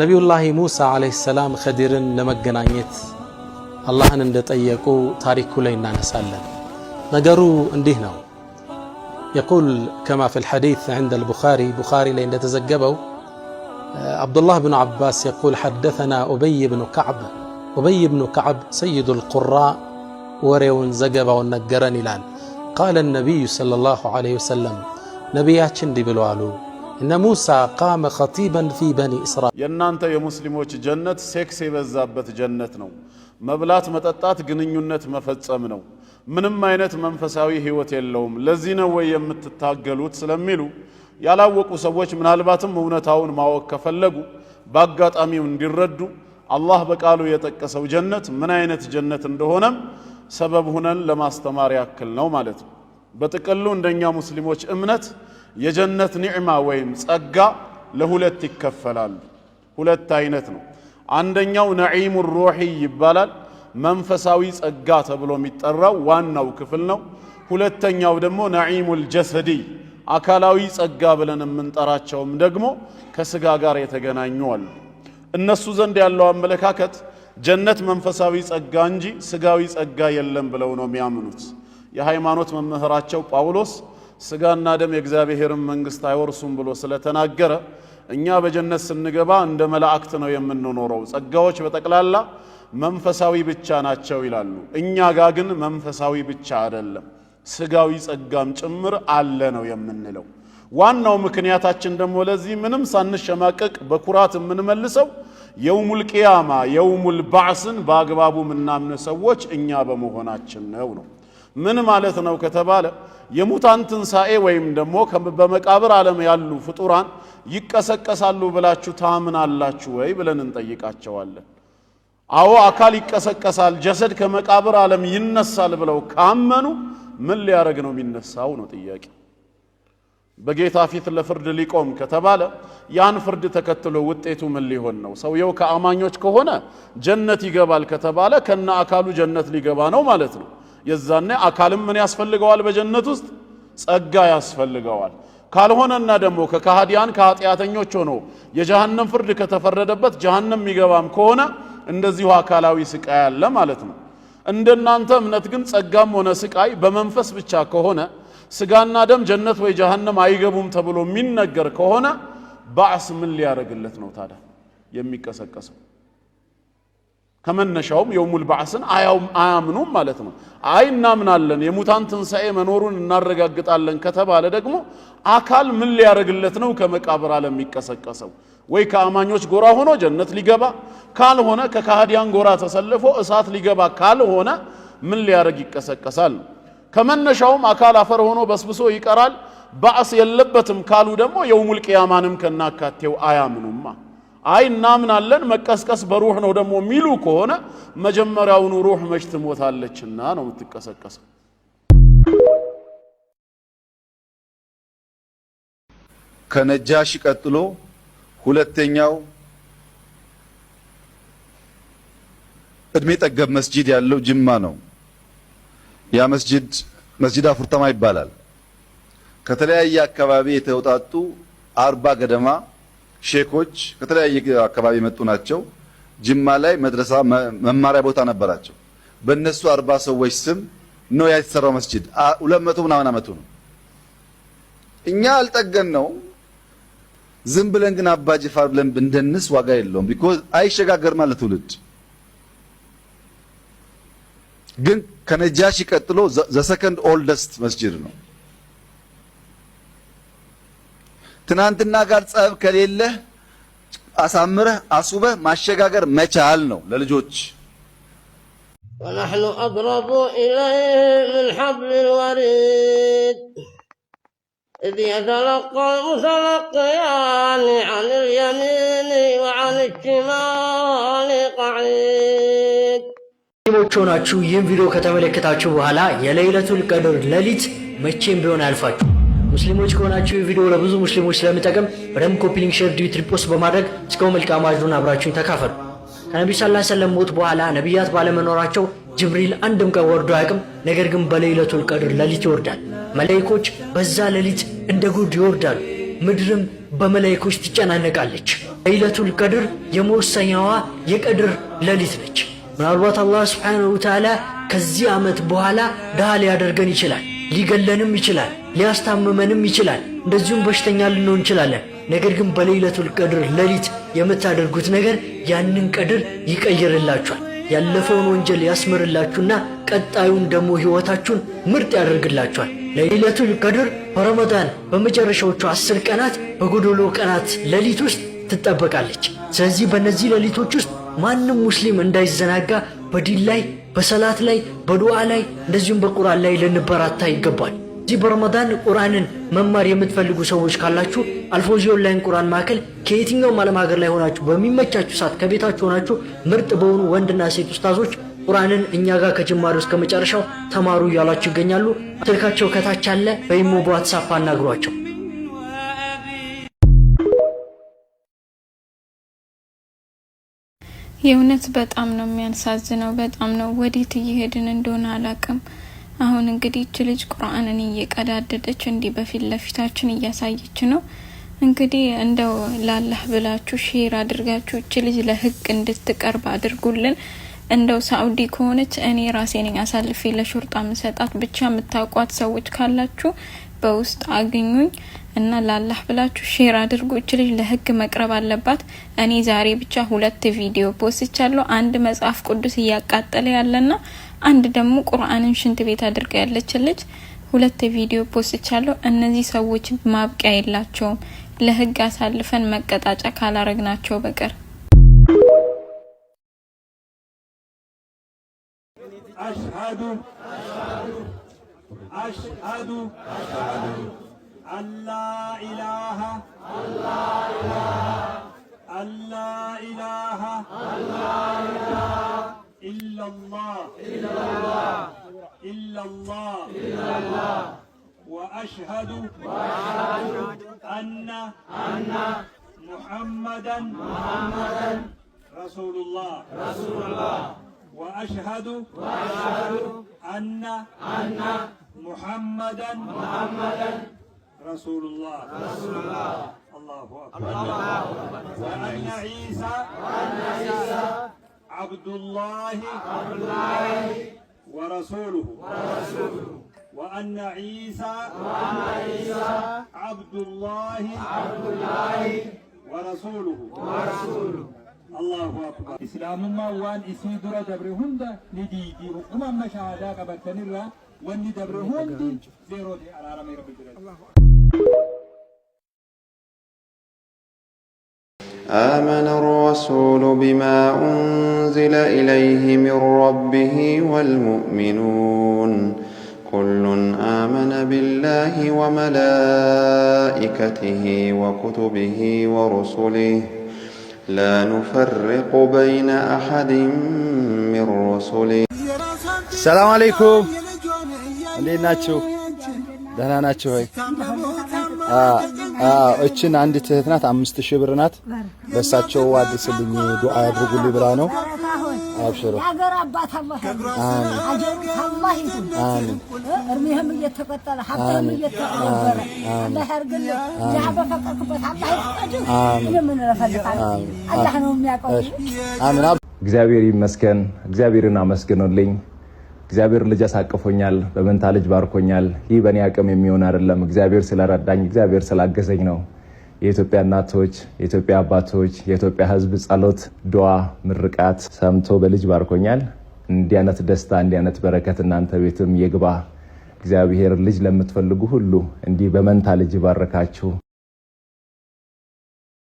ነቢዩላሂ ሙሳ ዓለይሂ ሰላም ኸዲርን ለመገናኘት አላህን እንደጠየቁ ታሪኩ ላይ እናነሳለን። ነገሩ እንዲህ ነው። የቁል ከማ ፊል ሐዲት ዐንደል ቡኻሪ ቡኻሪ ላይ እንደተዘገበው አብዱላህ ብኑ ዓባስ የቁል ሐደተና ኡበይ ብኑ ከዕብ ኡበይ ብኑ ከዕብ ሰይዱል ቁራ ወሬውን ዘገባውን ነገረን ይላል። ቃለ ነቢዩ ሰለላሁ ዐለይሂ ወሰለም ነቢያችን እንዲህ ብለው አሉ እነ ሙሳ ቃመ ኸጢበን ፊ በኒ እስራኤል የእናንተ የሙስሊሞች ጀነት ሴክስ የበዛበት ጀነት ነው። መብላት፣ መጠጣት፣ ግንኙነት መፈጸም ነው። ምንም አይነት መንፈሳዊ ህይወት የለውም። ለዚህ ነው ወይ የምትታገሉት ስለሚሉ ያላወቁ ሰዎች ምናልባትም እውነታውን ማወቅ ከፈለጉ በአጋጣሚው እንዲረዱ አላህ በቃሉ የጠቀሰው ጀነት ምን አይነት ጀነት እንደሆነም ሰበብ ሁነን ለማስተማር ያክል ነው ማለት ነው። በጥቅሉ እንደኛ ሙስሊሞች እምነት የጀነት ኒዕማ ወይም ጸጋ ለሁለት ይከፈላል። ሁለት አይነት ነው። አንደኛው ነዒሙ ሩሒ ይባላል። መንፈሳዊ ጸጋ ተብሎ የሚጠራው ዋናው ክፍል ነው። ሁለተኛው ደግሞ ነዒሙል ጀሰዲ አካላዊ ጸጋ ብለን የምንጠራቸውም ደግሞ ከስጋ ጋር የተገናኙ አሉ። እነሱ ዘንድ ያለው አመለካከት ጀነት መንፈሳዊ ጸጋ እንጂ ስጋዊ ጸጋ የለም ብለው ነው የሚያምኑት። የሃይማኖት መምህራቸው ጳውሎስ ስጋና ደም የእግዚአብሔርን መንግስት አይወርሱም ብሎ ስለተናገረ እኛ በጀነት ስንገባ እንደ መላእክት ነው የምንኖረው። ጸጋዎች በጠቅላላ መንፈሳዊ ብቻ ናቸው ይላሉ። እኛ ጋ ግን መንፈሳዊ ብቻ አይደለም፣ ስጋዊ ጸጋም ጭምር አለ ነው የምንለው። ዋናው ምክንያታችን ደግሞ ለዚህ ምንም ሳንሸማቀቅ በኩራት የምንመልሰው የውሙል ቅያማ የውሙል ባዕስን በአግባቡ የምናምን ሰዎች እኛ በመሆናችን ነው ነው ምን ማለት ነው ከተባለ የሙታን ትንሣኤ ወይም ደግሞ በመቃብር ዓለም ያሉ ፍጡራን ይቀሰቀሳሉ ብላችሁ ታምናላችሁ ወይ ብለን እንጠይቃቸዋለን። አዎ አካል ይቀሰቀሳል፣ ጀሰድ ከመቃብር ዓለም ይነሳል ብለው ካመኑ ምን ሊያደርግ ነው የሚነሳው ነው ጥያቄ። በጌታ ፊት ለፍርድ ሊቆም ከተባለ ያን ፍርድ ተከትሎ ውጤቱ ምን ሊሆን ነው? ሰውየው ከአማኞች ከሆነ ጀነት ይገባል ከተባለ ከነ አካሉ ጀነት ሊገባ ነው ማለት ነው። የዛኔ አካልም ምን ያስፈልገዋል? በጀነት ውስጥ ጸጋ ያስፈልገዋል። ካልሆነና ደግሞ ከካህዲያን ከኃጢአተኞች ሆኖ የጀሃነም ፍርድ ከተፈረደበት ጀሃነም የሚገባም ከሆነ እንደዚሁ አካላዊ ስቃይ አለ ማለት ነው። እንደናንተ እምነት ግን ጸጋም ሆነ ስቃይ በመንፈስ ብቻ ከሆነ ስጋና ደም ጀነት ወይ ጀሃነም አይገቡም ተብሎ የሚነገር ከሆነ ባዕስ ምን ሊያደርግለት ነው ታዲያ የሚቀሰቀሰው? ከመነሻውም የውሙል ባዕስን አያምኑም ማለት ነው። አይ እናምናለን የሙታን ትንሣኤ መኖሩን እናረጋግጣለን ከተባለ ደግሞ አካል ምን ሊያደርግለት ነው ከመቃብር ዓለም የሚቀሰቀሰው? ወይ ከአማኞች ጎራ ሆኖ ጀነት ሊገባ ካልሆነ ከካህዲያን ጎራ ተሰልፎ እሳት ሊገባ ካልሆነ ምን ሊያደርግ ይቀሰቀሳል? ከመነሻውም አካል አፈር ሆኖ በስብሶ ይቀራል። ባዕስ የለበትም ካሉ ደግሞ የውሙል ቅያማንም ከናካቴው አያምኑማ። አይ እናምናለን መቀስቀስ በሩህ ነው ደግሞ የሚሉ ከሆነ መጀመሪያውኑ ሩህ መች ትሞታለችና ነው የምትቀሰቀሰው። ከነጃሽ ቀጥሎ ሁለተኛው እድሜ ጠገብ መስጂድ ያለው ጅማ ነው። ያ መስጂድ መስጂድ አፉርተማ ይባላል። ከተለያየ አካባቢ የተውጣጡ አርባ ገደማ ሼኮች ከተለያየ አካባቢ የመጡ ናቸው። ጅማ ላይ መድረሳ መማሪያ ቦታ ነበራቸው። በእነሱ አርባ ሰዎች ስም ነው ያ የተሰራው መስጂድ። ሁለት መቶ ምናምን አመቱ ነው። እኛ አልጠገን ነው ዝም ብለን ግን አባ ጅፋር ብለን እንደንስ ዋጋ የለውም። ቢኮዝ አይሸጋገርም ማለት ትውልድ። ግን ከነጃሽ ቀጥሎ ሰከንድ ኦልደስት መስጂድ ነው። ትናንትና ጋር ጸብ ከሌለህ አሳምረህ አስውበህ ማሸጋገር መቻል ነው ለልጆች። ወነሕኑ አቅረቡ ኢለይህ ምን ሐብሊል ወሪድ እዚ يتلقى المتلقيان عن اليمين وعن الشمال ቀዒድ ሙስሊሞች ሆናችሁ ይህን ቪዲዮ ከተመለከታችሁ በኋላ የለይለቱል ቀድር ሌሊት መቼም ቢሆን አያልፋችሁ። ሙስሊሞች ከሆናችሁ ቪዲዮ ለብዙ ሙስሊሞች ስለሚጠቅም በደንብ ኮፒሊንግ፣ ሼር፣ ዲዩት ሪፖስት በማድረግ እስከው መልካም አጅሩን አብራችሁን ተካፈሉ። ከነቢዩ ሰለላሁ ዐለይሂ ወሰለም ሞት በኋላ ነቢያት ባለመኖራቸው ጅብሪል አንድም ቀን ወርዶ አያውቅም። ነገር ግን በሌለቱል ቀድር ሌሊት ይወርዳል። መላይኮች በዛ ሌሊት እንደ ጉድ ይወርዳሉ። ምድርም በመላይኮች ትጨናነቃለች። ሌለቱል ቀድር የመወሰኛዋ የቀድር ሌሊት ነች። ምናልባት አላህ ሱብሓነሁ ወተዓላ ከዚህ ዓመት በኋላ ድሃ ሊያደርገን ይችላል። ሊገለንም ይችላል፣ ሊያስታምመንም ይችላል። እንደዚሁም በሽተኛ ልንሆን እንችላለን። ነገር ግን በለይለቱል ቀድር ሌሊት የምታደርጉት ነገር ያንን ቀድር ይቀይርላችኋል። ያለፈውን ወንጀል ያስምርላችሁና ቀጣዩን ደግሞ ሕይወታችሁን ምርጥ ያደርግላችኋል። ለይለቱል ቀድር በረመዳን በመጨረሻዎቹ አስር ቀናት በጎዶሎ ቀናት ሌሊት ውስጥ ትጠበቃለች። ስለዚህ በእነዚህ ሌሊቶች ውስጥ ማንም ሙስሊም እንዳይዘናጋ በዲን ላይ በሰላት ላይ በዱዓ ላይ እንደዚሁም በቁርአን ላይ ልንበራታ ይገባል። እዚህ በረመዳን ቁርአንን መማር የምትፈልጉ ሰዎች ካላችሁ አልፎዚ ኦንላይን ቁርአን ማዕከል ከየትኛውም ዓለም ሀገር ላይ ሆናችሁ በሚመቻችሁ ሰዓት ከቤታችሁ ሆናችሁ ምርጥ በሆኑ ወንድና ሴት ኡስታዞች ቁርአንን እኛ ጋር ከጅማሬው እስከ መጨረሻው ተማሩ እያሏችሁ ይገኛሉ። ስልካቸው ከታች አለ። በኢሞ በዋትሳፕ አናግሯቸው። የእውነት በጣም ነው የሚያንሳዝነው። በጣም ነው ወዴት እየሄድን እንደሆነ አላቅም። አሁን እንግዲህ እች ልጅ ቁርአንን እየቀዳደደች እንዲህ በፊት ለፊታችን እያሳየች ነው። እንግዲህ እንደው ላላህ ብላችሁ ሼር አድርጋችሁ እች ልጅ ለህግ እንድትቀርብ አድርጉልን። እንደው ሳኡዲ ከሆነች እኔ ራሴ ነኝ አሳልፌ ለሹርጣ ምሰጣት። ብቻ የምታውቋት ሰዎች ካላችሁ በውስጥ አግኙኝ እና ላላህ ብላችሁ ሼር አድርጉ። እች ልጅ ለህግ መቅረብ አለባት። እኔ ዛሬ ብቻ ሁለት ቪዲዮ ፖስቻለሁ። አንድ መጽሐፍ ቅዱስ እያቃጠለ ያለና አንድ ደግሞ ቁርአንን ሽንት ቤት አድርጋ ያለች ልጅ ሁለት ቪዲዮ ፖስቻለሁ። እነዚህ ሰዎች ማብቂያ የላቸውም። ለህግ አሳልፈን መቀጣጫ ካላረግናቸው በቀር أشهد أشهد أشهد أن لا إله أن لا إله إلا الله إلا الله إلا الله وأشهد أن أن محمدا محمدا رسول الله رسول الله وأشهد وأشهد أن أن محمدا محمدا رسول الله رسول الله الله أكبر الله أكبر وأن عيسى وأن عيسى عبد الله عبد الله ورسوله ورسوله وأن عيسى وأن عيسى عبد الله عبد الله ورسوله ورسوله الله أكبر إسلام ما وان إسي درا دا ما شهادة الرا وان دي زيرو دي رب آمن الرسول بما أنزل إليه من ربه والمؤمنون كل آمن بالله وملائكته وكتبه ورسله ላኑፈርቁ በይነ አሐድን ሚን ሩሱሊ። ሰላም አለይኩም እንዴት ናችሁ? ደህና ናችሁ ወይ? እችን አንድ ትህት ናት። አምስት ሺህ ብር ናት። በእሳቸው አዲስልኝ ዱዓ ያድርጉልኝ ብላ ነው አብሽሮ የሀገር አባት አላህ አጀሩ አላህ ይሁን። እርሜህም እየተቀጠለ ሀብትህም እየተቀበረ አላህ ያርግልህ። ያ በፈቀርክበት አላህ ይፍቀድህ። እኔ ምን እፈልጋለሁ? አላህ ነው የሚያውቀው። እግዚአብሔር ይመስገን። እግዚአብሔርን አመስግኖልኝ እግዚአብሔር ልጅ አሳቅፎኛል፣ በመንታ ልጅ ባርኮኛል። ይህ በእኔ አቅም የሚሆን አይደለም። እግዚአብሔር ስለረዳኝ፣ እግዚአብሔር ስላገዘኝ ነው። የኢትዮጵያ እናቶች፣ የኢትዮጵያ አባቶች፣ የኢትዮጵያ ሕዝብ ጸሎት፣ ድዋ፣ ምርቃት ሰምቶ በልጅ ባርኮኛል። እንዲህ አይነት ደስታ፣ እንዲህ አይነት በረከት እናንተ ቤትም ይግባ። እግዚአብሔር ልጅ ለምትፈልጉ ሁሉ እንዲህ በመንታ ልጅ ይባረካችሁ።